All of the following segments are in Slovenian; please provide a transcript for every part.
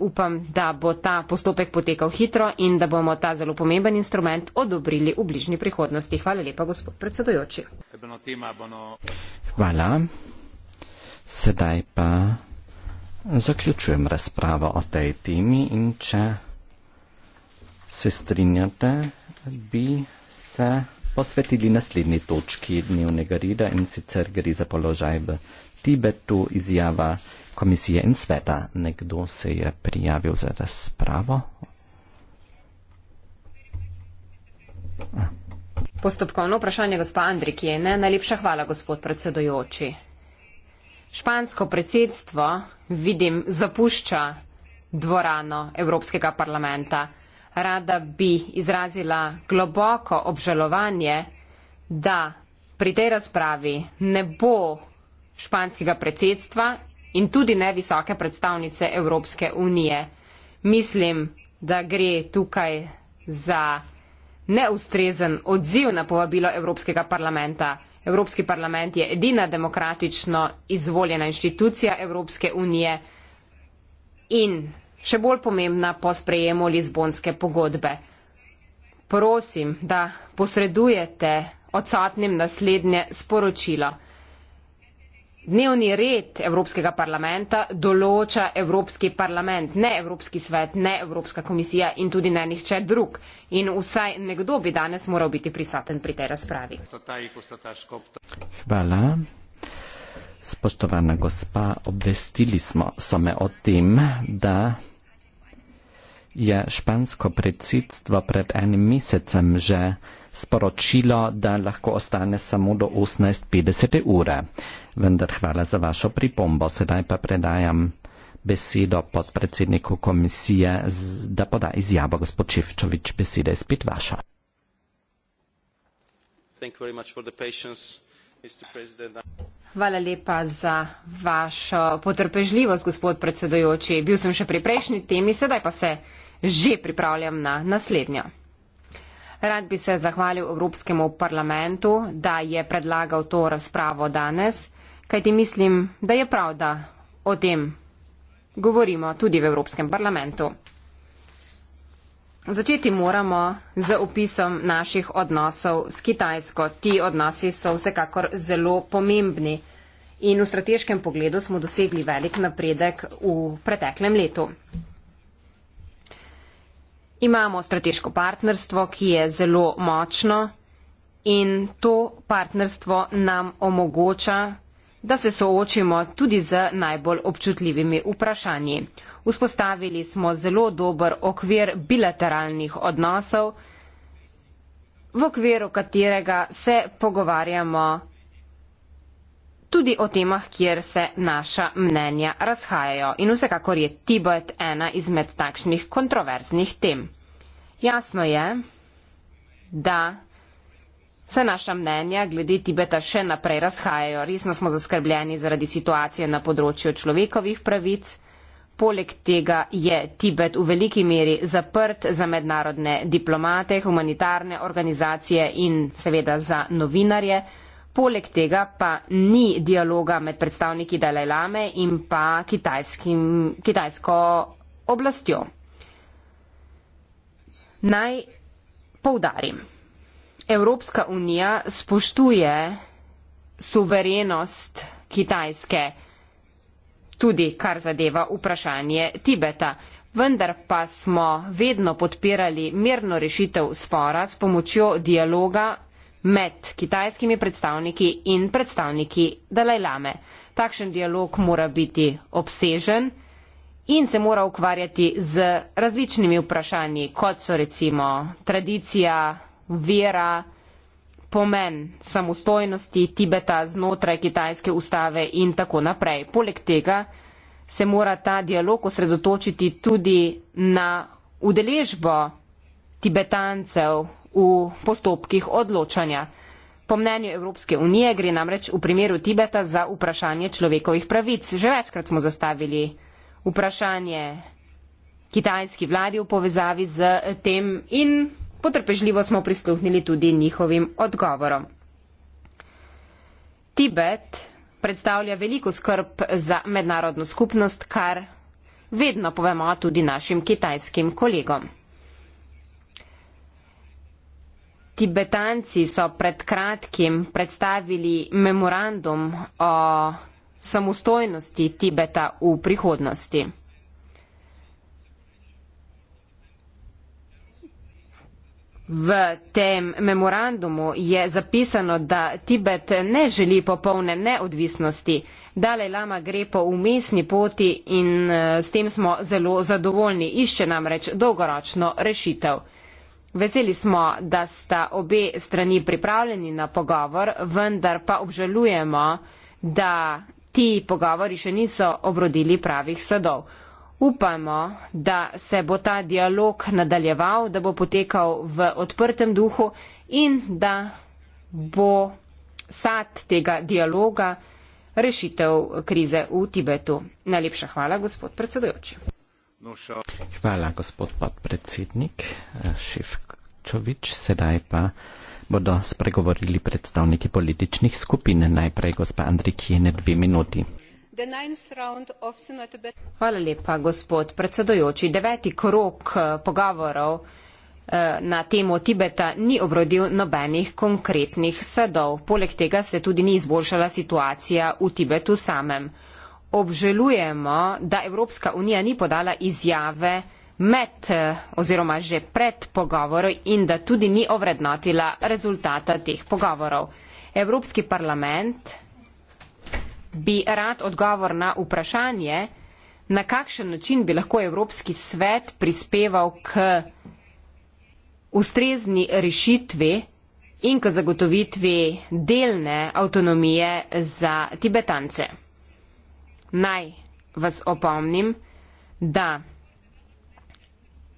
upam, da bo ta postopek potekal hitro in da bomo ta zelo pomemben instrument odobrili v bližnji prihodnosti. Hvala lepa, gospod predsedujoči. Hvala. Sedaj pa zaključujem razpravo o tej temi in če se strinjate, bi se posvetili naslednji točki dnevnega reda in sicer gre za položaj v Tibetu, izjava komisije in sveta. Nekdo se je prijavil za razpravo. Postopkovno vprašanje gospa Andrikije. Ne, najlepša hvala, gospod predsedojoči. Špansko predsedstvo, vidim, zapušča dvorano Evropskega parlamenta. Rada bi izrazila globoko obžalovanje, da pri tej razpravi ne bo španskega predsedstva in tudi ne visoke predstavnice Evropske unije. Mislim, da gre tukaj za neustrezen odziv na povabilo Evropskega parlamenta. Evropski parlament je edina demokratično izvoljena inštitucija Evropske unije in še bolj pomembna po sprejemu Lizbonske pogodbe. Prosim, da posredujete odsotnim naslednje sporočilo. Dnevni red Evropskega parlamenta določa Evropski parlament, ne Evropski svet, ne Evropska komisija in tudi ne nihče drug. In vsaj nekdo bi danes moral biti prisaten pri tej razpravi. Hvala. Spoštovana gospa, obvestili smo same o tem, da je špansko predsedstvo pred enim mesecem že sporočilo, da lahko ostane samo do 18.50 ure. Vendar hvala za vašo pripombo. Sedaj pa predajam besedo podpredsedniku komisije, da poda izjavo gospod Čevčovič. Beseda je spet vaša. Hvala lepa za vašo potrpežljivost, gospod predsedujoči. Bil sem še pri prejšnji temi, sedaj pa se že pripravljam na naslednjo. Rad bi se zahvalil Evropskemu parlamentu, da je predlagal to razpravo danes, kajti mislim, da je prav, da o tem govorimo tudi v Evropskem parlamentu. Začeti moramo z opisom naših odnosov s Kitajsko. Ti odnosi so vsekakor zelo pomembni in v strateškem pogledu smo dosegli velik napredek v preteklem letu. Imamo strateško partnerstvo, ki je zelo močno in to partnerstvo nam omogoča, da se soočimo tudi z najbolj občutljivimi vprašanji. Vzpostavili smo zelo dober okvir bilateralnih odnosov, v okviru katerega se pogovarjamo tudi o temah, kjer se naša mnenja razhajajo in vsekakor je Tibet ena izmed takšnih kontroverznih tem. Jasno je, da se naša mnenja glede Tibeta še naprej razhajajo. Resno smo zaskrbljeni zaradi situacije na področju človekovih pravic. Poleg tega je Tibet v veliki meri zaprt za mednarodne diplomate, humanitarne organizacije in seveda za novinarje poleg tega pa ni dialoga med predstavniki Dalajlame in pa kitajskim, kitajsko oblastjo. Naj poudarim, Evropska unija spoštuje suverenost Kitajske, tudi kar zadeva vprašanje Tibeta. Vendar pa smo vedno podpirali mirno rešitev spora s pomočjo dialoga med kitajskimi predstavniki in predstavniki Dalajlame. Takšen dialog mora biti obsežen in se mora ukvarjati z različnimi vprašanji, kot so recimo tradicija, vera, pomen samostojnosti Tibeta znotraj kitajske ustave in tako naprej. Poleg tega se mora ta dialog osredotočiti tudi na udeležbo tibetancev v postopkih odločanja. Po mnenju Evropske unije gre namreč v primeru Tibeta za vprašanje človekovih pravic. Že večkrat smo zastavili vprašanje kitajski vladi v povezavi z tem in potrpežljivo smo prisluhnili tudi njihovim odgovorom. Tibet predstavlja veliko skrb za mednarodno skupnost, kar vedno povemo tudi našim kitajskim kolegom. Tibetanci so pred kratkim predstavili memorandum o samostojnosti Tibeta v prihodnosti. V tem memorandumu je zapisano, da Tibet ne želi popolne neodvisnosti, Dalaj Lama gre po umestni poti in eh, s tem smo zelo zadovoljni, išče namreč dolgoročno rešitev. Veseli smo, da sta obe strani pripravljeni na pogovor, vendar pa obžalujemo, da ti pogovori še niso obrodili pravih sadov. Upamo, da se bo ta dialog nadaljeval, da bo potekal v odprtem duhu in da bo sad tega dialoga rešitev krize v Tibetu. Najlepša hvala, gospod predsedujoči. Hvala, gospod podpredsednik eh, Šivčovič. Sedaj pa bodo spregovorili predstavniki političnih skupin. Najprej gospa Andrikije, ne dve minuti. Hvala lepa, gospod predsedojoči. Deveti krok eh, pogovorov eh, na temo Tibeta ni obrodil nobenih konkretnih sadov. Poleg tega se tudi ni izboljšala situacija v Tibetu samem obžalujemo, da Evropska unija ni podala izjave med eh, oziroma že pred pogovori in da tudi ni ovrednotila rezultata teh pogovorov. Evropski parlament bi rad odgovor na vprašanje, na kakšen način bi lahko Evropski svet prispeval k ustrezni rešitvi in k zagotovitvi delne avtonomije za Tibetance naj vas opomnim, da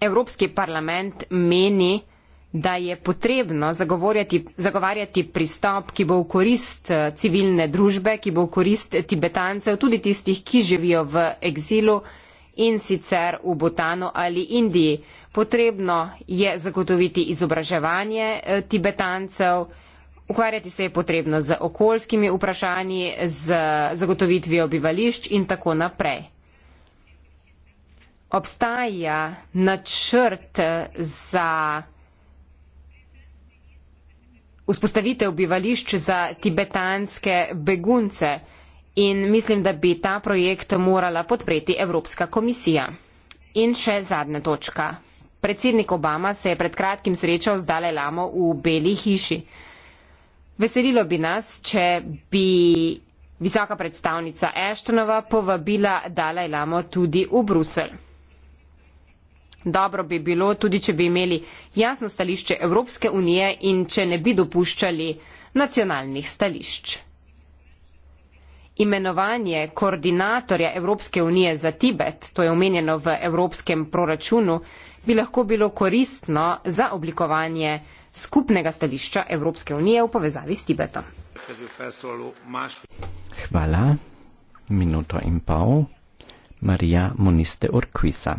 Evropski parlament meni, da je potrebno zagovarjati pristop, ki bo v korist eh, civilne družbe, ki bo v korist tibetancev, tudi tistih, ki živijo v egzilu in sicer v Butanu ali Indiji. Potrebno je zagotoviti izobraževanje eh, tibetancev, Ukvarjati se je potrebno z okoljskimi vprašanji, z zagotovitvijo bivališč in tako naprej. Obstaja načrt za vzpostavitev bivališč za tibetanske begunce in mislim, da bi ta projekt morala podpreti Evropska komisija. In še zadnja točka. Predsednik Obama se je pred kratkim srečal z Dalaj Lamo v Beli hiši. Veselilo bi nas, če bi visoka predstavnica Eštonova povabila Dalaj Lamo tudi v Bruselj. Dobro bi bilo tudi, če bi imeli jasno stališče Evropske unije in če ne bi dopuščali nacionalnih stališč. Imenovanje koordinatorja Evropske unije za Tibet, to je omenjeno v evropskem proračunu, bi lahko bilo koristno za oblikovanje skupnega stališča Evropske unije v povezavi s Tibetom. Hvala. Minuto in pol. Marija Moniste Urquiza.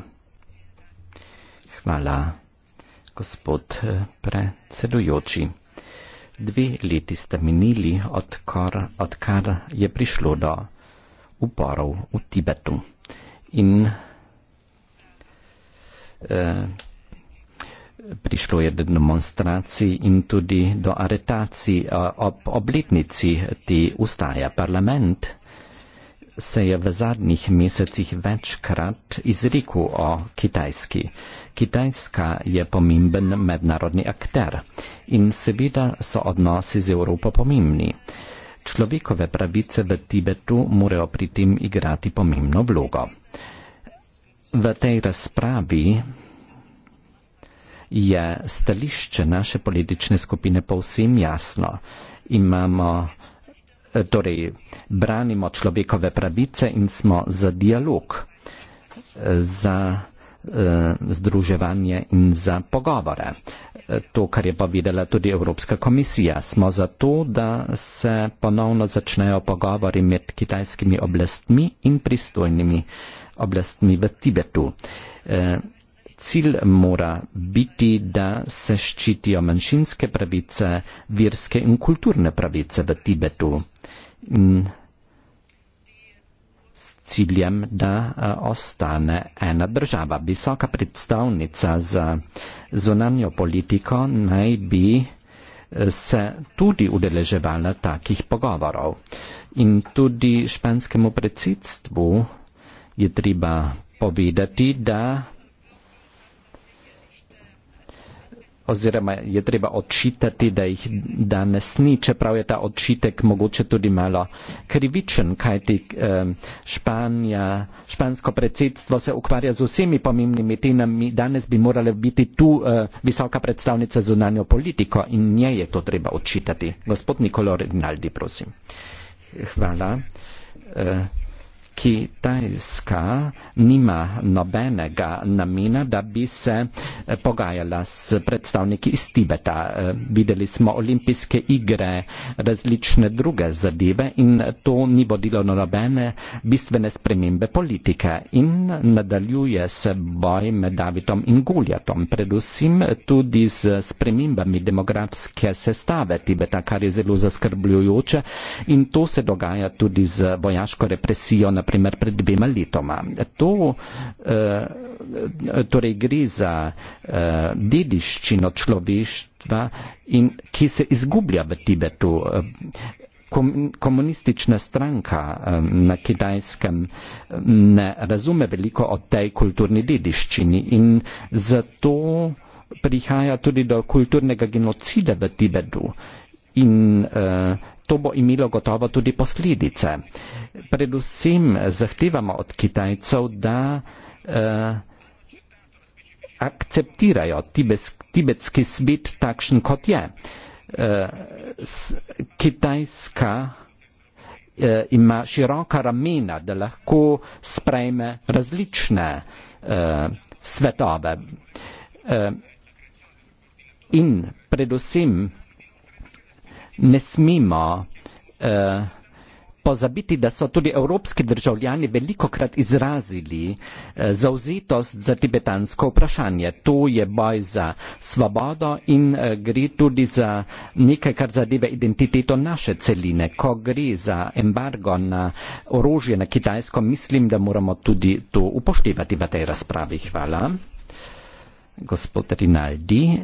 Hvala, gospod eh, predsedujoči. Dve leti ste minili, odkar, odkar je prišlo do uporov v Tibetu. In eh, prišlo je do demonstracij in tudi do aretacij ob obletnici te ustaje. Parlament se je v zadnjih mesecih večkrat izrekel o Kitajski. Kitajska je pomemben mednarodni akter in seveda so odnosi z Evropo pomembni. Človekove pravice v Tibetu morajo pri tem igrati pomembno vlogo. V tej razpravi je stališče naše politične skupine povsem jasno. Imamo, eh, torej, branimo človekove pravice in smo za dialog, eh, za eh, združevanje in za pogovore. Eh, to, kar je povedala tudi Evropska komisija, smo za to, da se ponovno začnejo pogovori med kitajskimi oblastmi in pristojnimi oblastmi v Tibetu. Eh, cilj mora biti, da se ščitijo manjšinske pravice, verske in kulturne pravice v Tibetu. In s ciljem, da ostane ena država. Visoka predstavnica za zonanjo politiko naj bi e, se tudi udeleževala takih pogovorov. In tudi španskemu predsedstvu je treba povedati, da oziroma je treba odčitati, da jih danes ni, čeprav je ta odčitek mogoče tudi malo krivičen, kajti Španija, špansko predsedstvo se ukvarja z vsemi pomembnimi temami, danes bi morala biti tu eh, visoka predstavnica zunanjo politiko in nje je to treba odčitati. Gospod Nikolo Rinaldi, prosim. Hvala. Uh, Kitajska nima nobenega namena, da bi se eh, pogajala s predstavniki iz Tibeta. Eh, videli smo olimpijske igre, različne druge zadeve in to ni vodilo nobene bistvene spremembe politike. In nadaljuje se boj med Davidom in Guljatom, predvsem tudi z spremembami demografske sestave Tibeta, kar je zelo zaskrbljujoče in to se dogaja tudi z vojaško represijo na naprimer pred dvema letoma. To eh, torej gre za eh, dediščino človeštva, in, ki se izgublja v Tibetu. Komunistična stranka eh, na Kitajskem eh, ne razume veliko o tej kulturni dediščini in zato prihaja tudi do kulturnega genocida v Tibetu. In, uh, to bo imelo gotovo tudi posledice. Predvsem zahtevamo od Kitajcev, da eh, akceptirajo tibes, tibetski svet takšen, kot je. Eh, Kitajska eh, ima široka ramena, da lahko sprejme različne eh, svetove. Eh, in predvsem ne smemo eh, pozabiti, da so tudi evropski državljani veliko krat izrazili eh, zauzetost za tibetansko vprašanje. To je boj za svobodo in eh, gre tudi za nekaj, kar zadeva identiteto naše celine. Ko gre za embargo na orožje na Kitajsko, mislim, da moramo tudi to upoštevati v tej razpravi. Hvala. Gospod Rinaldi,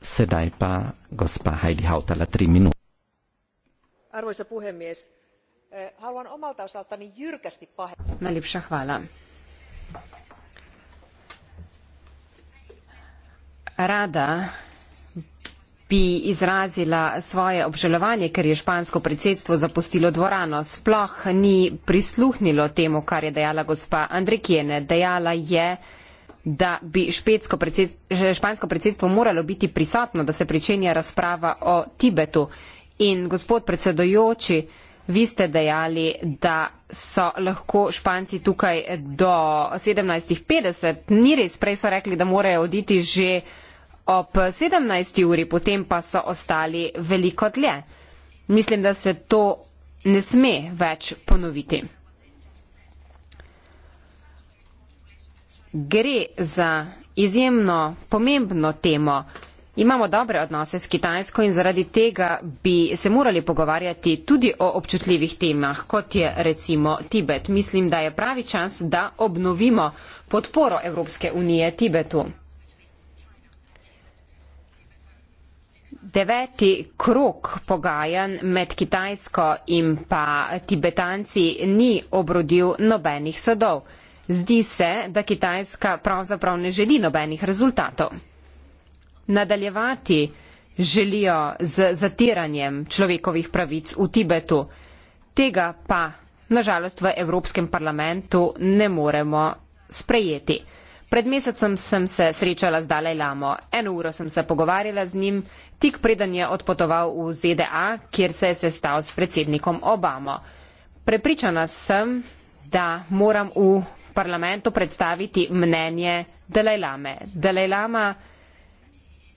Sedaj pa gospa Heidi Hautala, tri minute. Arvoisa puhemies, eh, haluan omalta osaltani jyrkästi pahoittaa. Najlepša hvala. Rada bi izrazila svoje obžalovanje, ker je špansko predsedstvo zapustilo dvorano. Sploh ni prisluhnilo temu, kar je dejala gospa Andrikjene. Dejala je, da bi predsedstvo, špansko predsedstvo moralo biti prisotno, da se pričenja razprava o Tibetu. In gospod predsedojoči, vi ste dejali, da so lahko Španci tukaj do 17.50. Ni res, prej so rekli, da morajo oditi že ob 17. uri, potem pa so ostali veliko dlje. Mislim, da se to ne sme več ponoviti. gre za izjemno pomembno temo. Imamo dobre odnose s Kitajsko in zaradi tega bi se morali pogovarjati tudi o občutljivih temah, kot je recimo Tibet. Mislim, da je pravi čas, da obnovimo podporo Evropske unije Tibetu. Deveti krok pogajanj med Kitajsko in pa Tibetanci ni obrodil nobenih sadov. Zdi se, da Kitajska pravzaprav ne želi nobenih rezultatov. Nadaljevati želijo z zatiranjem človekovih pravic v Tibetu. Tega pa, nažalost, v Evropskem parlamentu ne moremo sprejeti. Pred mesecem sem se srečala z Dalaj Lamo. Eno uro sem se pogovarjala z njim, tik preden je odpotoval v ZDA, kjer se je sestal s predsednikom Obamo. Prepričana sem, da moram v parlamentu predstaviti mnenje Dalajlame. Dalajlama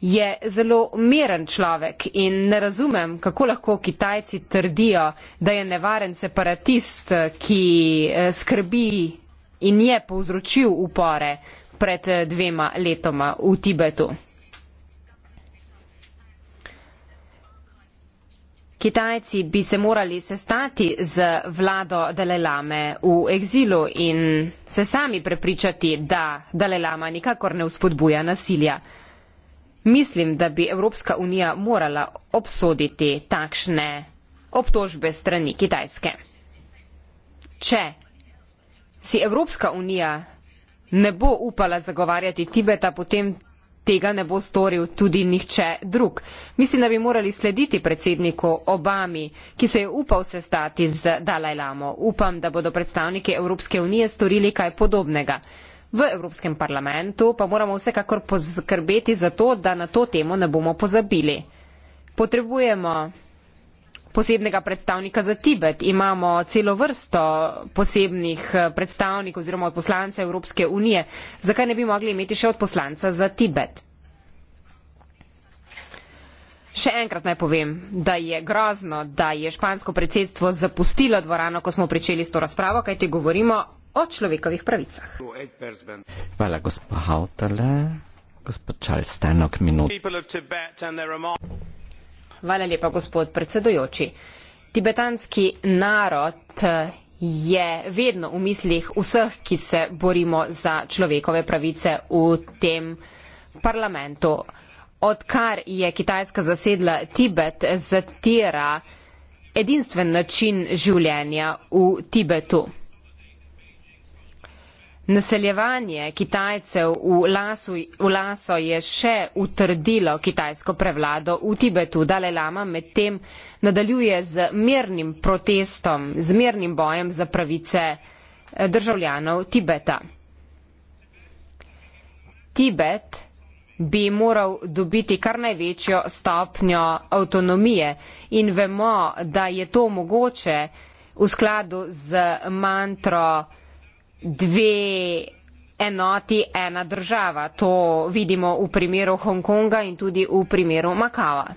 je zelo miren človek in ne razumem, kako lahko Kitajci trdijo, da je nevaren separatist, ki eh, skrbi in je povzročil upore pred dvema letoma v Tibetu. Kitajci bi se morali sestati z vlado Dalajlame v egzilu in se sami prepričati, da Dalajlama nikakor ne vzpodbuja nasilja. Mislim, da bi Evropska unija morala obsoditi takšne obtožbe strani Kitajske. Če si Evropska unija ne bo upala zagovarjati Tibeta, potem tega ne bo storil tudi nihče drug. Mislim, da bi morali slediti predsedniku Obami, ki se je upal sestati z Dalajlamo. Upam, da bodo predstavniki Evropske unije storili kaj podobnega. V Evropskem parlamentu pa moramo vsekakor poskrbeti za to, da na to temo ne bomo pozabili. Potrebujemo posebnega predstavnika za Tibet, imamo celo vrsto posebnih eh, predstavnikov oziroma od poslance Evropske unije. Zakaj ne bi mogli imeti še od poslanca za Tibet? Še enkrat naj povem, da je grozno, da je špansko predsedstvo zapustilo dvorano, ko smo pričeli s to razpravo, kaj ti govorimo o človekovih pravicah. Hvala, gospod Hautale. Gospod Charles Stanok, minuto. Hvala lepa, gospod predsedujoči. Tibetanski narod eh, je vedno v mislih vseh, ki se borimo za človekove pravice v tem parlamentu. Odkar je Kitajska zasedla Tibet, zatira edinstven način življenja v Tibetu. Naseljevanje Kitajcev v, lasu, v Laso je še utrdilo kitajsko prevlado v Tibetu. Dalaj lama medtem nadaljuje z mirnim protestom, z mirnim bojem za pravice eh, državljanov Tibeta. Tibet bi moral dobiti kar največjo stopnjo avtonomije in vemo, da je to mogoče v skladu z mantro dve enoti, ena država. To vidimo v primeru Hongkonga in tudi v primeru Makava.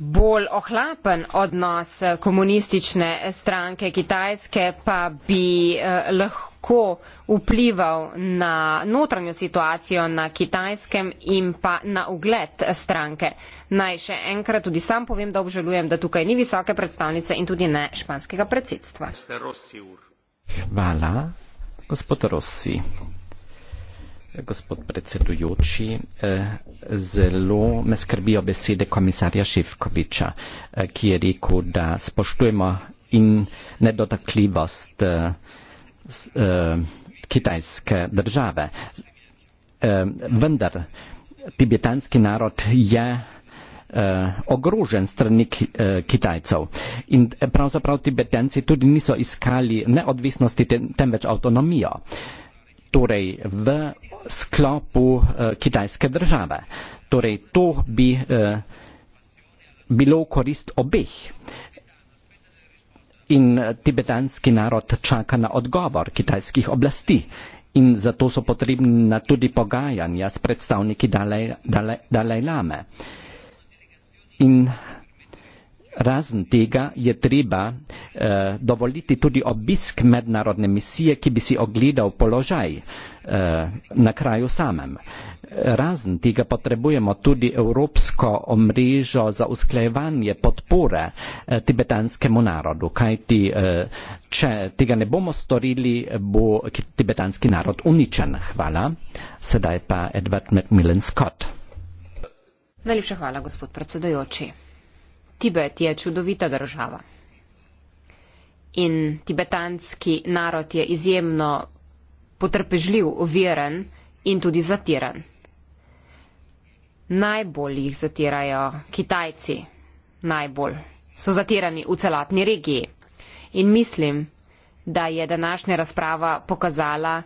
Bolj ohlapen odnos komunistične stranke Kitajske pa bi eh, lahko lahko vplival na notranjo situacijo na kitajskem in pa na ugled stranke. Naj še enkrat tudi sam povem, da obžalujem, da tukaj ni visoke predstavnice in tudi ne španskega predsedstva. Hvala, gospod Rossi. Gospod predsedujoči, eh, zelo me skrbijo besede komisarja Šivkoviča, eh, ki je rekel, da spoštujemo in nedotakljivost eh, Eh, kitajske države. Eh, vendar tibetanski narod je eh, ogrožen strani Kitajcev. In pravzaprav tibetanci tudi niso iskali neodvisnosti, temveč avtonomijo. Torej v sklopu kitajske države. Torej to bi bilo v korist obeh in eh, tibetanski narod čaka na odgovor kitajskih oblasti. In zato so potrebna tudi pogajanja s predstavniki Dalajlame. Dalaj, Dalaj in Razen tega je treba uh, dovoliti tudi obisk mednarodne misije, ki bi si ogledal položaj uh, na kraju samem. Razen tega potrebujemo tudi evropsko omrežo za usklajevanje podpore uh, tibetanskemu narodu, kajti uh, če tega ne bomo storili, bo tibetanski narod uničen. Hvala. Sedaj pa Edward McMillan Scott. Najlepša hvala, gospod predsedojoči. Tibet je čudovita država. In tibetanski narod je izjemno potrpežljiv, uveren in tudi zatiran. Najbolj jih zatirajo Kitajci, najbolj so zatirani v celotni regiji. In mislim, da je današnja razprava pokazala,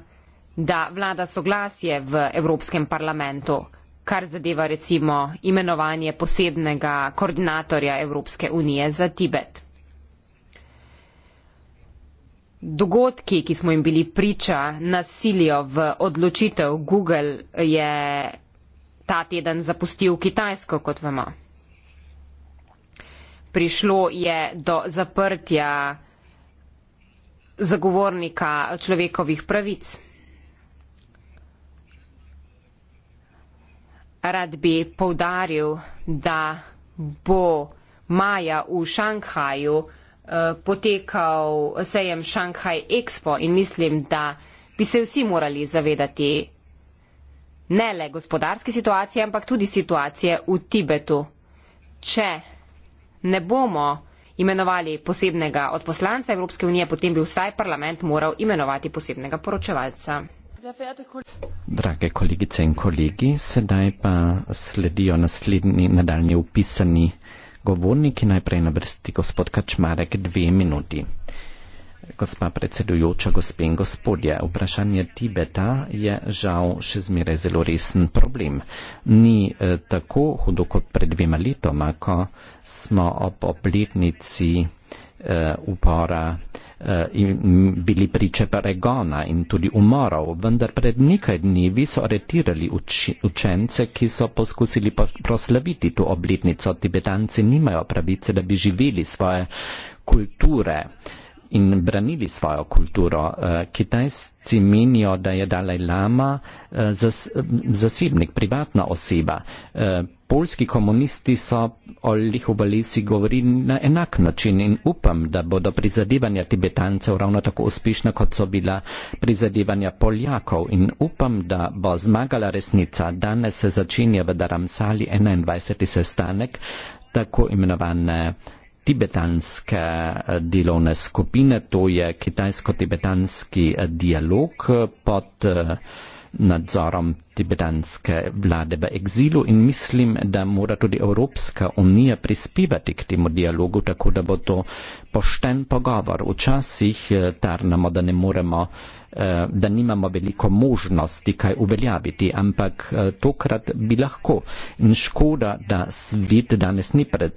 da vlada soglasje v Evropskem parlamentu kar zadeva recimo imenovanje posebnega koordinatorja Evropske unije za Tibet. Dogodki, ki smo jim bili priča, nasilijo v odločitev Google je ta teden zapustil Kitajsko, kot vemo. Prišlo je do zaprtja zagovornika človekovih pravic. rad bi povdaril, da bo maja v Šanghaju eh, potekal sejem Šanghaj Expo in mislim, da bi se vsi morali zavedati ne le gospodarske situacije, ampak tudi situacije v Tibetu. Če ne bomo imenovali posebnega odposlanca Evropske unije, potem bi vsaj parlament moral imenovati posebnega poročevalca. Drage kolegice in kolegi, sedaj pa sledijo naslednji nadaljni upisani govorniki. Najprej na vrsti gospod Kačmarek, dve minuti. Gospa predsedujoča, gospe in gospodje, vprašanje Tibeta je žal še zmeraj zelo resen problem. Ni eh, tako hudo kot pred dvema letoma, ko smo ob obletnici uh, upora uh, in bili priče pregona in tudi umorov, vendar pred nekaj dnevi so aretirali uči, učence, ki so poskusili proslaviti to obletnico. Tibetanci nimajo pravice, da bi živeli svoje kulture. Uh, in branili svojo kulturo. Eh, Kitajci menijo, da je Dalaj Lama eh, zas, zasebnik, privatna oseba. Eh, Polski komunisti so o Lihubalesi govorili na enak način in upam, da bodo prizadevanja Tibetancev ravno tako uspešna, kot so bila prizadevanja Poljakov in upam, da bo zmagala resnica. Danes se začenja v Daramsali 21. sestanek, tako imenovane tibetanske eh, delovne skupine, to je kitajsko-tibetanski eh, dialog eh, pod nadzorom tibetanske vlade v egzilu in mislim, da mora tudi Evropska unija prispevati k temu dialogu, tako da bo to pošten pogovor. Včasih tarnamo, da ne moremo, da nimamo veliko možnosti kaj uveljaviti, ampak tokrat bi lahko. In škoda, da svet danes ni pred,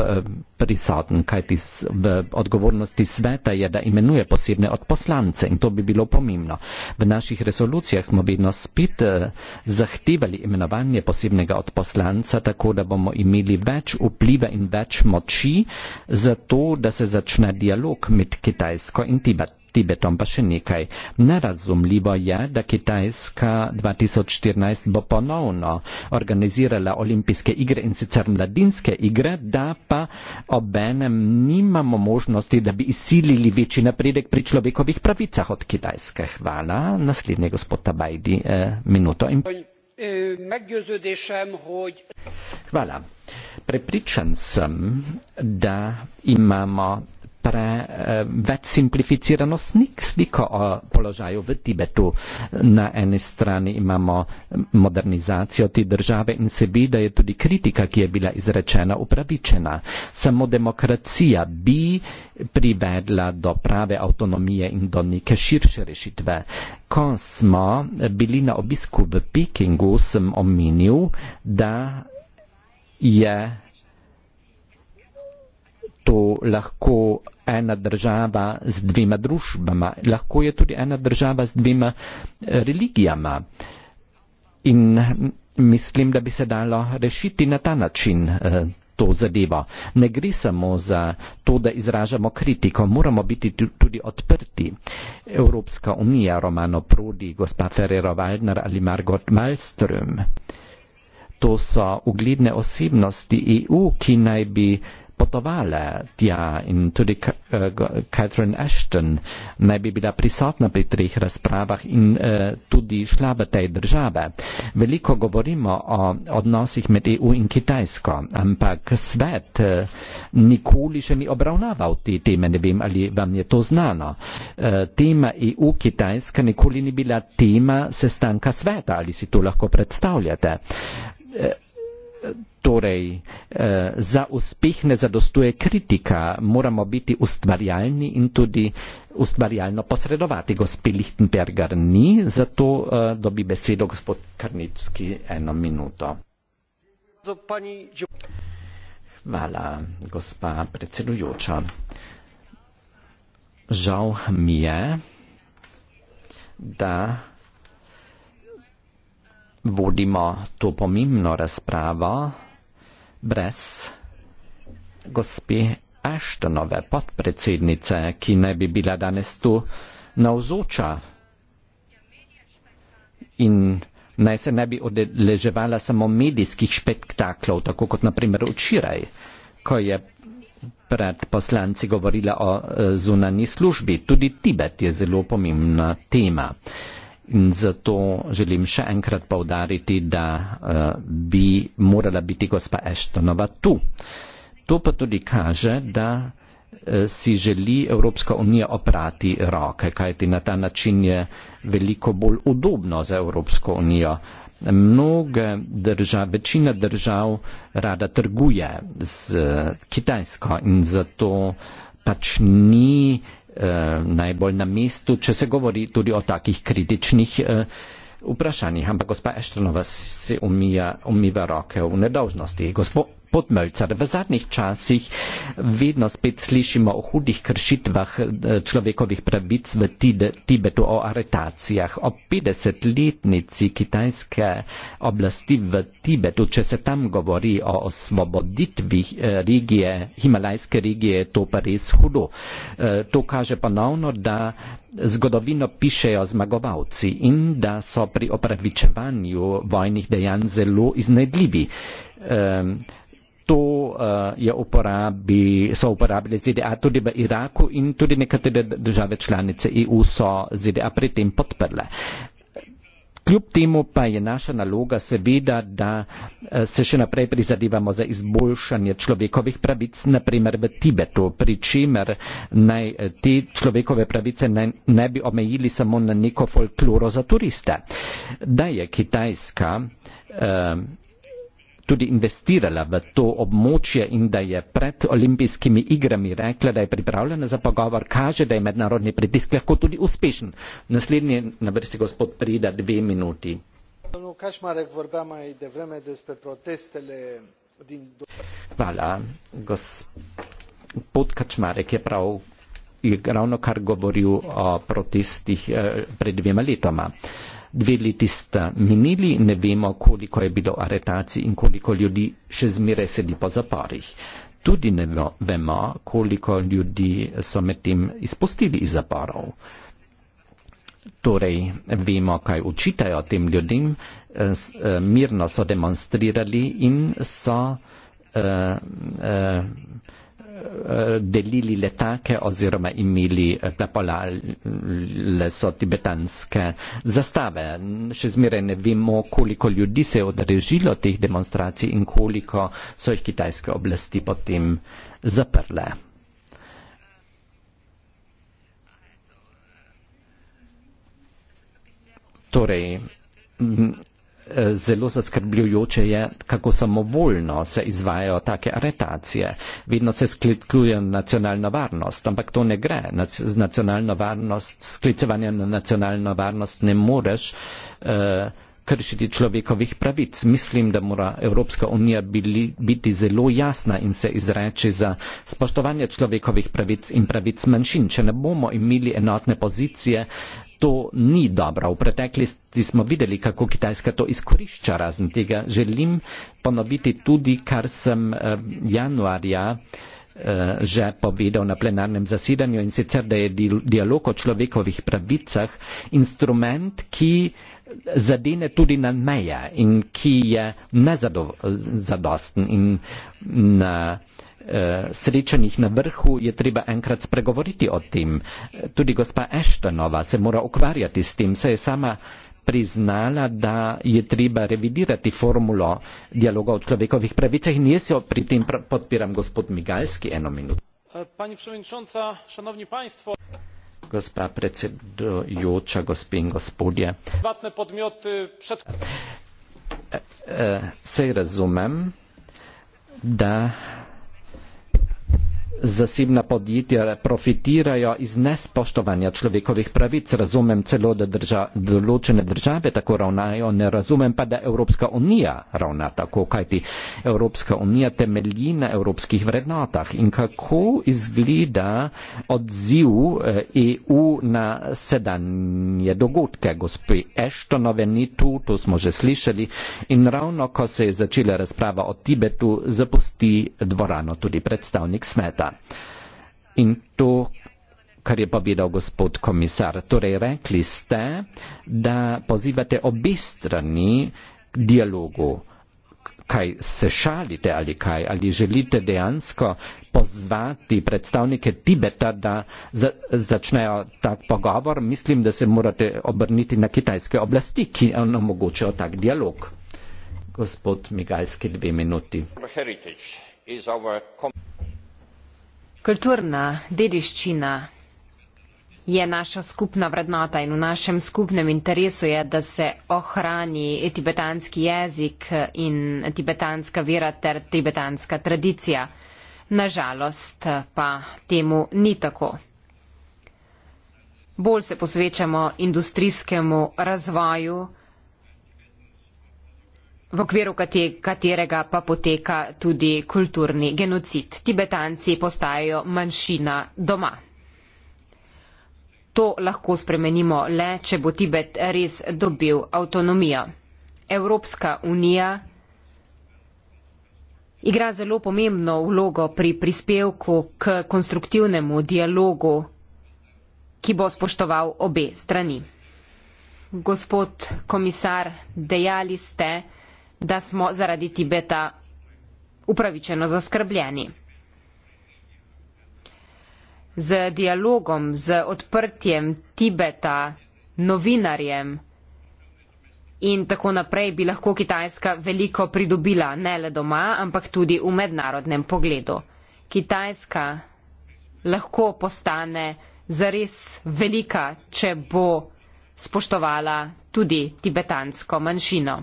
Eh, prisoten, kajti v odgovornosti sveta je, da imenuje posebne odposlance in to bi bilo pomembno. V naših resolucijah smo vedno spet eh, zahtevali imenovanje posebnega odposlanca, tako da bomo imeli več vpliva in več moči za to, da se začne dialog med Kitajsko in Tibet. Tibetom pa še nekaj. Nerazumljivo je, da Kitajska 2014 bo ponovno organizirala olimpijske igre in sicer mladinske igre, da pa obenem nimamo možnosti, da bi izsilili večji napredek pri človekovih pravicah od Kitajske. Hvala. Naslednji gospod Tabajdi, eh, minuto in pol. Hvala. Prepričan sem, da imamo pre eh, več simplificiranost nik sliko o položaju v Tibetu. Na eni strani imamo eh, modernizacijo te države in se vidi, da je tudi kritika, ki je bila izrečena, upravičena. Samo demokracija bi privedla do prave avtonomije in do neke širše rešitve. Ko smo bili na obisku v Pekingu, sem omenil, da je to lahko ena država z dvima družbama, lahko je tudi ena država z dvima eh, religijama. In mislim, da bi se dalo rešiti na ta način eh, to zadevo. Ne gre samo za to, da izražamo kritiko, moramo biti tudi odprti. Evropska unija, Romano Prodi, gospa Ferrero Waldner ali Margot Malmström, to so ugledne osebnosti EU, ki naj bi potovale tja in tudi eh, Catherine Ashton naj bi bila prisotna pri treh razpravah in eh, tudi šla v tej države. Veliko govorimo o odnosih med EU in Kitajsko, ampak svet eh, nikoli še ni obravnaval te teme, ne vem, ali vam je to znano. Tema EU-Kitajska nikoli ni bila tema sestanka sveta, ali si to lahko predstavljate torej eh, za uspeh ne zadostuje kritika, moramo biti ustvarjalni in tudi ustvarjalno posredovati. Gospod Lichtenberger ni, zato eh, dobi besedo gospod Karnicki eno minuto. Hvala, gospa predsedujoča. Žal mi je, da vodimo to pomembno razpravo brez gospe Aštonove, podpredsednice, ki ne bi bila danes tu navzoča in naj se ne bi odeleževala samo medijskih spektaklov, tako kot naprimer včeraj, ko je pred poslanci govorila o eh, zunani službi. Tudi Tibet je zelo pomembna tema. In zato želim še enkrat povdariti, da uh, bi morala biti gospa Eštonova tu. To pa tudi kaže, da uh, si želi Evropska unija oprati roke, kajti na ta način je veliko bolj udobno za Evropsko unijo. Mnoge države, večina držav rada trguje z eh, Kitajsko in zato pač ni Eh, najbolj na mestu, če se govori tudi o takih kritičnih eh, vprašanjih. Ampak gospa Eštonova se umija, umiva roke v nedožnosti. Gospod podmeljca. V zadnjih časih vedno spet slišimo o hudih kršitvah eh, človekovih pravic v Tibetu, o aretacijah. O 50-letnici kitajske oblasti v Tibetu, če se tam govori o osvoboditvi eh, regije, himalajske regije, to pa res hudo. Eh, to kaže ponovno, da zgodovino pišejo zmagovalci in da so pri opravičevanju vojnih dejanj zelo iznedljivi. Um, ehm, to uh, je uporabi, so uporabili ZDA tudi v Iraku in tudi nekatere države članice EU so ZDA pri tem podprle. Kljub temu pa je naša naloga seveda, da eh, se še naprej prizadevamo za izboljšanje človekovih pravic, naprimer v Tibetu, pri čemer naj eh, te človekove pravice ne, ne bi omejili samo na neko folkloro za turiste. Da je Kitajska. Eh, tudi investirala v to območje in da je pred olimpijskimi igrami rekla, da je pripravljena za pogovor, kaže, da je mednarodni pritisk lahko tudi uspešen. Naslednji na vrsti gospod Prida, dve minuti. Hvala. Gospod Kačmarek je prav je ravno kar govoril o protestih eh, pred dvema letoma dve leti sta minili, ne vemo, koliko je bilo aretacij in koliko ljudi še zmeraj sedi po zaporih. Tudi ne vemo, koliko ljudi so medtem izpustili iz zaporov. Torej, vemo, kaj učitajo tem ljudem, eh, eh, mirno so demonstrirali in so. Uh, uh, delili letake oziroma imeli plapolale eh, so tibetanske zastave. Še zmeraj ne vemo, koliko ljudi se je odrežilo teh demonstracij in koliko so jih kitajske oblasti potem zaprle. Torej, zelo zaskrbljujoče je, kako samovoljno se izvajajo take aretacije. Vedno se sklicuje nacionalna varnost, ampak to ne gre. Sklicevanje na nacionalno varnost ne moreš eh, kršiti človekovih pravic. Mislim, da mora Evropska unija bili, biti zelo jasna in se izreči za spoštovanje človekovih pravic in pravic manjšin. Če ne bomo imeli enotne pozicije, eh, to ni dobro. V preteklosti smo videli, kako Kitajska to izkorišča. Razen tega želim ponoviti tudi, kar sem eh, januarja eh, že povedal na plenarnem zasedanju in sicer, da je dialog o človekovih pravicah instrument, ki zadene tudi na meje in ki je nezadosten nezado in na. Eh, Eh, srečanjih na vrhu je treba enkrat spregovoriti o tem. Tudi gospa Eštonova se mora ukvarjati s tem, saj je sama priznala, da je treba revidirati formulo dialoga o človekovih pravicah in jaz jo pri tem podpiram gospod Migalski eno minuto. Eh, pani predsednica, šanovni państvo. Gospa predsedujoča, gospe in gospodje. Privatne podmioti pred. Eh, Sej razumem, da zasebna podjetja profitirajo iz nespoštovanja človekovih pravic. Razumem celo, da drža, določene države tako ravnajo, ne razumem pa, da Evropska unija ravna tako, kajti Evropska unija temelji na evropskih vrednotah. In kako izgleda odziv EU eh, e na sedanje dogodke, gospe Eštonove ni tu, to smo že slišali. In ravno, ko se je začela razprava o Tibetu, zapusti dvorano tudi predstavnik sveta. In to, kar je povedal gospod komisar, torej rekli ste, da pozivate obi strani k dialogu. Kaj se šalite ali kaj? Ali želite dejansko pozvati predstavnike Tibeta, da za, začnejo tak pogovor? Mislim, da se morate obrniti na kitajske oblasti, ki omogočajo tak dialog. Gospod Migalski, dve minuti. Kulturna dediščina je naša skupna vrednota in v našem skupnem interesu je, da se ohrani tibetanski jezik in tibetanska vera ter tibetanska tradicija. Nažalost pa temu ni tako. Bolj se posvečamo industrijskemu razvoju, v okviru katerega pa poteka tudi kulturni genocid. Tibetanci postajajo manjšina doma. To lahko spremenimo le, če bo Tibet res dobil avtonomijo. Evropska unija igra zelo pomembno vlogo pri prispevku k konstruktivnemu dialogu, ki bo spoštoval obe strani. Gospod komisar, dejali ste, da smo zaradi Tibeta upravičeno zaskrbljeni. Z dialogom, z odprtjem Tibeta novinarjem in tako naprej bi lahko Kitajska veliko pridobila, ne le doma, ampak tudi v mednarodnem pogledu. Kitajska lahko postane zares velika, če bo spoštovala tudi tibetansko manjšino.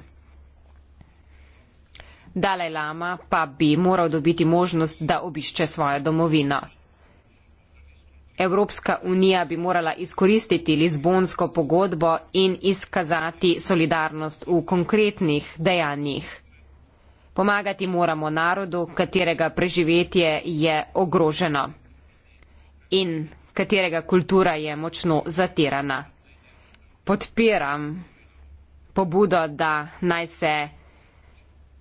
Dalajlama pa bi moral dobiti možnost, da obišče svojo domovino. Evropska unija bi morala izkoristiti Lizbonsko pogodbo in izkazati solidarnost v konkretnih dejanjih. Pomagati moramo narodu, katerega preživetje je ogroženo in katerega kultura je močno zatirana. Podpiram pobudo, da naj se.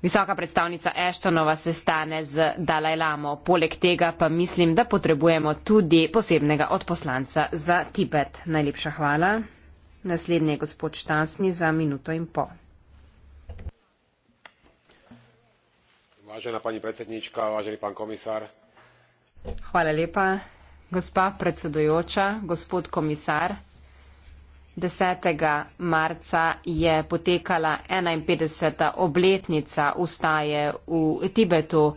Visoka predstavnica Ashtonova se stane z Dalajlamo, poleg tega pa mislim, da potrebujemo tudi posebnega odposlanca za Tibet. Najlepša hvala. Naslednji je gospod Štansni za minuto in pol. Važena pani predsednička, važeni pan komisar. Hvala lepa, gospa predsedujoča, gospod komisar. 10. marca je potekala 51. obletnica ustaje v Tibetu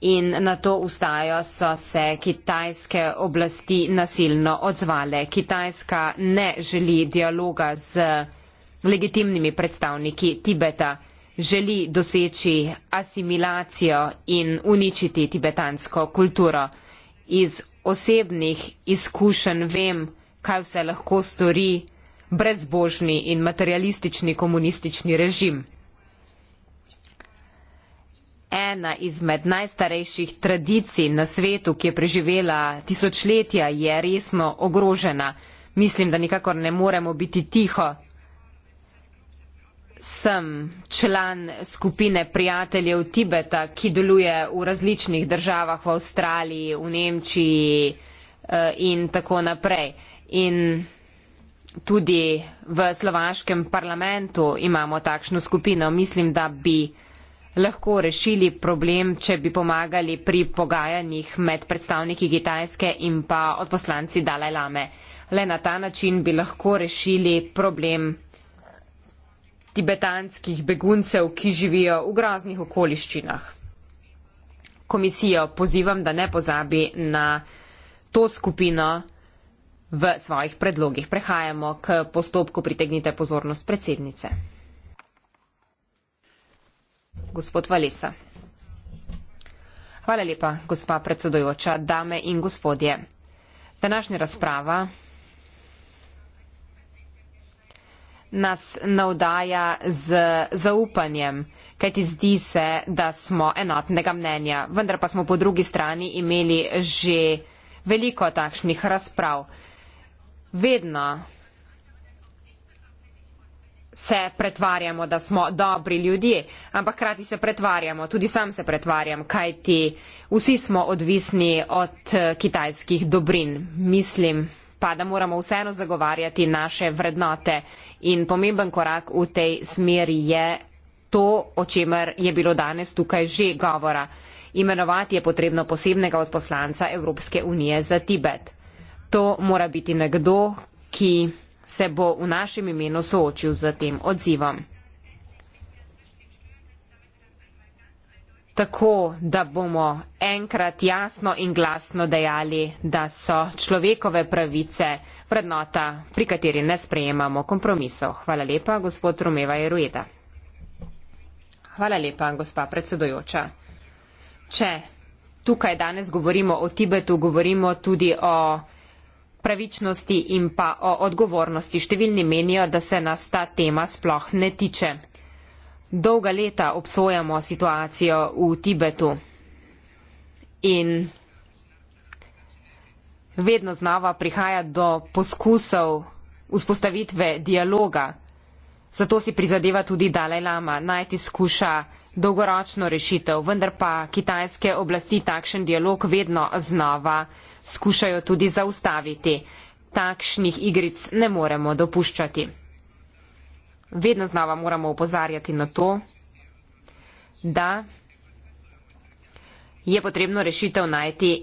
in na to ustajo so se kitajske oblasti nasilno odzvale. Kitajska ne želi dialoga z legitimnimi predstavniki Tibeta, želi doseči asimilacijo in uničiti tibetansko kulturo. Iz osebnih izkušenj vem, kaj vse lahko stori brezbožni in materialistični komunistični režim. Ena izmed najstarejših tradicij na svetu, ki je preživela tisočletja, je resno ogrožena. Mislim, da nikakor ne moremo biti tiho. Sem član skupine prijateljev Tibeta, ki deluje v različnih državah v Avstraliji, v Nemčiji eh, in tako naprej in tudi v slovaškem parlamentu imamo takšno skupino. Mislim, da bi lahko rešili problem, če bi pomagali pri pogajanjih med predstavniki Kitajske in pa odposlanci Dalaj Lame. Le na ta način bi lahko rešili problem tibetanskih beguncev, ki živijo v groznih okoliščinah. Komisijo pozivam, da ne pozabi na to skupino, v svojih predlogih. Prehajamo k postopku, pritegnite pozornost predsednice. Gospod Valesa. Hvala lepa, gospa predsedojoča, dame in gospodje. Današnja razprava nas navdaja z zaupanjem, kajti zdi se, da smo enotnega mnenja. Vendar pa smo po drugi strani imeli že veliko takšnih razprav vedno se pretvarjamo, da smo dobri ljudje, ampak krati se pretvarjamo, tudi sam se pretvarjam, kajti vsi smo odvisni od eh, kitajskih dobrin. Mislim pa, da moramo vseeno zagovarjati naše vrednote in pomemben korak v tej smeri je to, o čemer je bilo danes tukaj že govora. Imenovati je potrebno posebnega odposlanca Evropske unije za Tibet. To mora biti nekdo, ki se bo v našem imenu soočil z tem odzivom. Tako, da bomo enkrat jasno in glasno dejali, da so človekove pravice vrednota, pri kateri ne sprejemamo kompromisov. Hvala lepa, gospod Romeva Jerueda. Hvala lepa, gospa predsedojoča. Če tukaj danes govorimo o Tibetu, govorimo tudi o pravičnosti in pa o odgovornosti. Številni menijo, da se nas ta tema sploh ne tiče. Dolga leta obsojamo situacijo v Tibetu in vedno znova prihaja do poskusov vzpostavitve dialoga. Zato si prizadeva tudi Dalaj Lama najti skuša dolgoročno rešitev, vendar pa kitajske oblasti takšen dialog vedno znova skušajo tudi zaustaviti. Takšnih igric ne moremo dopuščati. Vedno znova moramo upozarjati na to, da je potrebno rešitev najti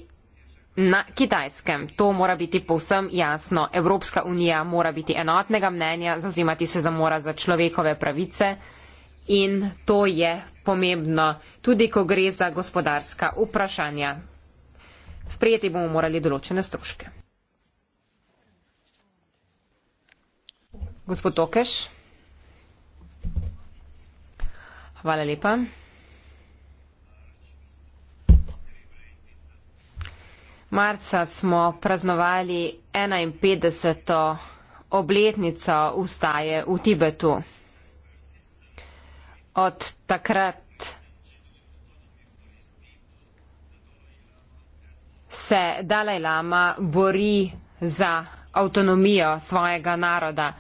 na kitajskem. To mora biti povsem jasno. Evropska unija mora biti enotnega mnenja, zauzimati se za mora za človekove pravice in to je pomembno, tudi ko gre za gospodarska vprašanja. Sprijeti bomo morali določene stroške. Gospod Tokeš. Hvala lepa. Marca smo praznovali 51. obletnico ustaje v Tibetu. Od takrat se Dalaj Lama bori za avtonomijo svojega naroda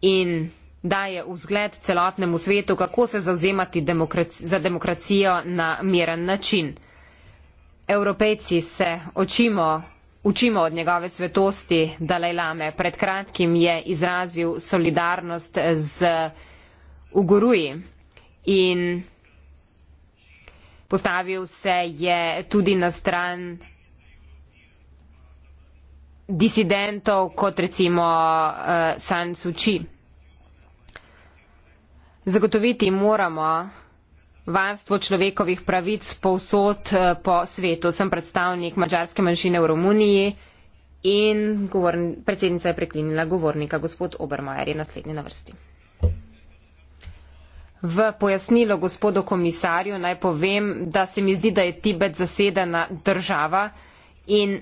in daje vzgled celotnemu svetu, kako se zauzemati demokraci za demokracijo na miren način. Evropejci se očimo, učimo od njegove svetosti Dalaj Lame. Pred kratkim je izrazil solidarnost z Uguruji in postavil se je tudi na stran disidentov kot recimo uh, San Suu Kyi. Zagotoviti moramo varstvo človekovih pravic povsod eh, po svetu. Sem predstavnik mačarske manjšine v Romuniji in govorn, predsednica je preklinila govornika, gospod Obermajer je naslednji na vrsti. V pojasnilo gospodu komisarju naj povem, da se mi zdi, da je Tibet zasedena država in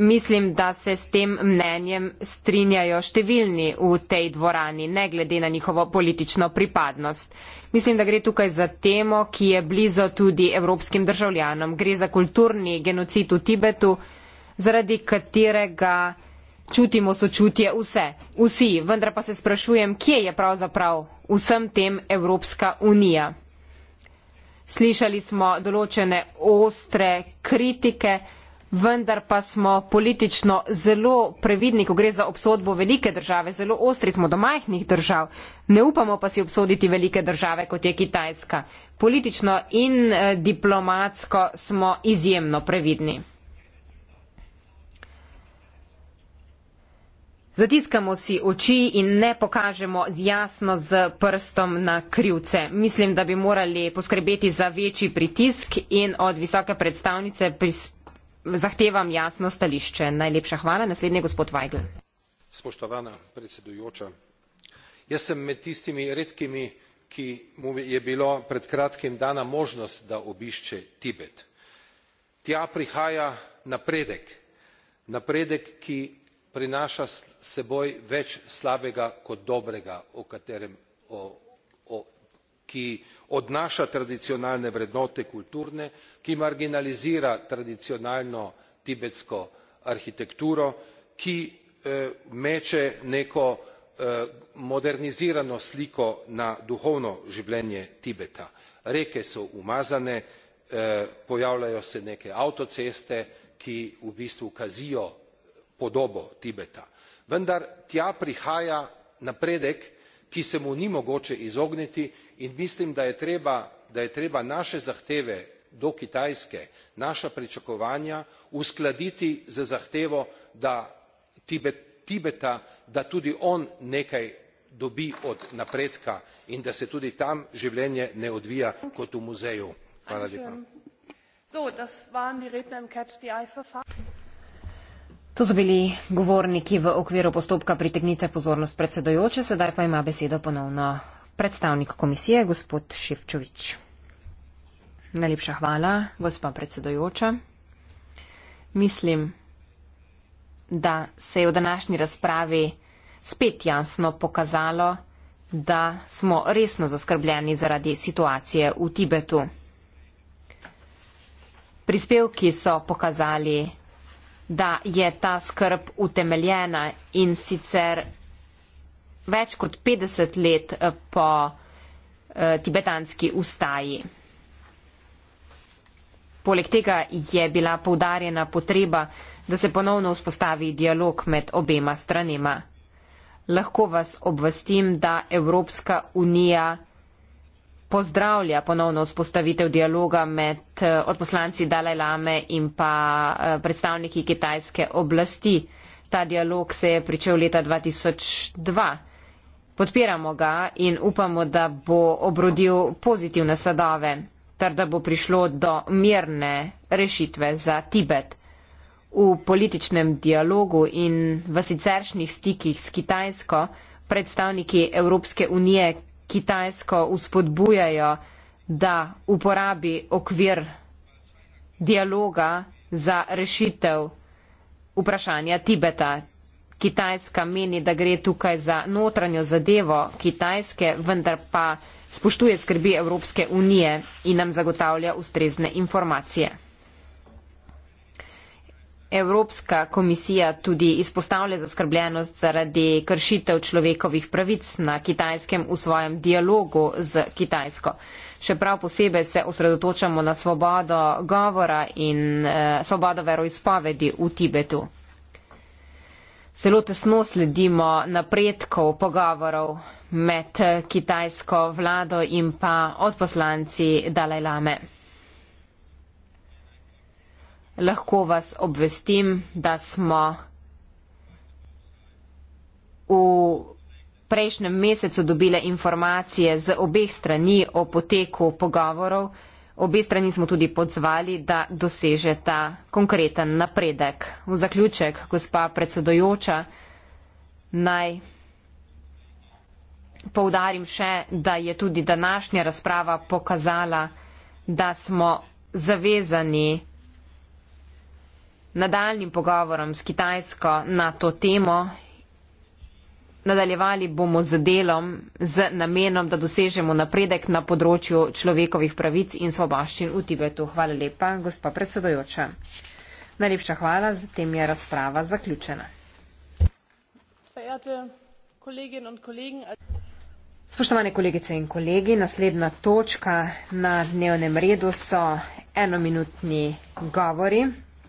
Mislim, da se s tem mnenjem strinjajo številni v tej dvorani, ne glede na njihovo politično pripadnost. Mislim, da gre tukaj za temo, ki je blizu tudi evropskim državljanom. Gre za kulturni genocid v Tibetu, zaradi katerega čutimo sočutje vse, vsi, vendar pa se sprašujem, kje je pravzaprav vsem tem Evropska unija. Slišali smo določene ostre kritike, vendar pa smo politično zelo previdni, ko gre za obsodbo velike države, zelo ostri smo do majhnih držav, ne upamo pa si obsoditi velike države, kot je Kitajska. Politično in eh, diplomatsko smo izjemno previdni. Zatiskamo si oči in ne pokažemo jasno z prstom na krivce. Mislim, da bi morali poskrbeti za večji pritisk in od visoke predstavnice prispeti zahtevam jasno stališče. Najlepša hvala. Naslednji je gospod Weigl. Spoštovana predsedujoča, jaz sem med tistimi redkimi, ki mu je bilo pred kratkim dana možnost, da obišče Tibet. Tja prihaja napredek, napredek, ki prinaša s seboj več slabega kot dobrega, o katerem o, o, ki odnaša tradicionalne vrednote kulturne ki marginalizira tradicionalno tibetsko arhitekturo ki eh, meče neko eh, modernizirano sliko na duhovno življenje tibeta reke so umazane eh, pojavljajo se neke avtoceste ki v bistvu kazijo podobo tibeta vendar tja prihaja napredek ki se mu ni mogoče izogniti in mislim da je treba naše zahteve do kitajske naša pričakovanja uskladiti z zahtevo tibeta da tudi on nekaj dobi od napredka in da se tudi tam življenje ne odvija kot v muzeju. to so bili govorniki v okviru postopka pritegnitve pozornosti predsedujoče sedaj pa ima besedo ponovno predstavnik komisije, gospod Ševčovič. Najlepša hvala, gospa predsedojoča. Mislim, da se je v današnji razpravi spet jasno pokazalo, da smo resno zaskrbljeni zaradi situacije v Tibetu. Prispevki so pokazali, da je ta skrb utemeljena in sicer več kot 50 let eh, po eh, tibetanski ustaji. Poleg tega je bila poudarjena potreba, da se ponovno vzpostavi dialog med obema stranima. Lahko vas obvestim, da Evropska unija pozdravlja ponovno vzpostavitev dialoga med eh, odposlanci Dalaj Lame in pa predstavniki kitajske oblasti. Ta dialog se je pričel leta 2002. Podpiramo ga in upamo, da bo obrodil pozitivne sadove ter da bo prišlo do mirne rešitve za Tibet. V političnem dialogu in v siceršnjih stikih s Kitajsko predstavniki Evropske unije Kitajsko uspodbujajo, da uporabi okvir dialoga za rešitev vprašanja Tibeta. Kitajska meni, da gre tukaj za notranjo zadevo Kitajske, vendar pa spoštuje skrbi Evropske unije in nam zagotavlja ustrezne informacije. Evropska komisija tudi izpostavlja zaskrbljenost zaradi kršitev človekovih pravic na kitajskem v svojem dialogu z Kitajsko. Še prav posebej se osredotočamo na svobodo govora in eh, svobodo veroizpovedi v Tibetu zelo tesno sledimo napredkov pogovorov med kitajsko vlado in pa odposlanci Dalajlame. Lahko vas obvestim, da smo v prejšnjem mesecu dobile informacije z obeh strani o poteku pogovorov obe strani smo tudi pozvali, da doseže ta konkreten napredek. V zaključek, gospa predsedojoča, naj poudarim še, da je tudi današnja razprava pokazala, da smo zavezani nadaljnim pogovorom s Kitajsko na to temo Nadaljevali bomo z delom z namenom, da dosežemo napredek na področju človekovih pravic in svobaščin v Tibetu. Hvala lepa, gospa predsedojoča. Najlepša hvala, z tem je razprava zaključena. Spoštovane kolegice in kolegi, naslednja točka na dnevnem redu so enominutni govori.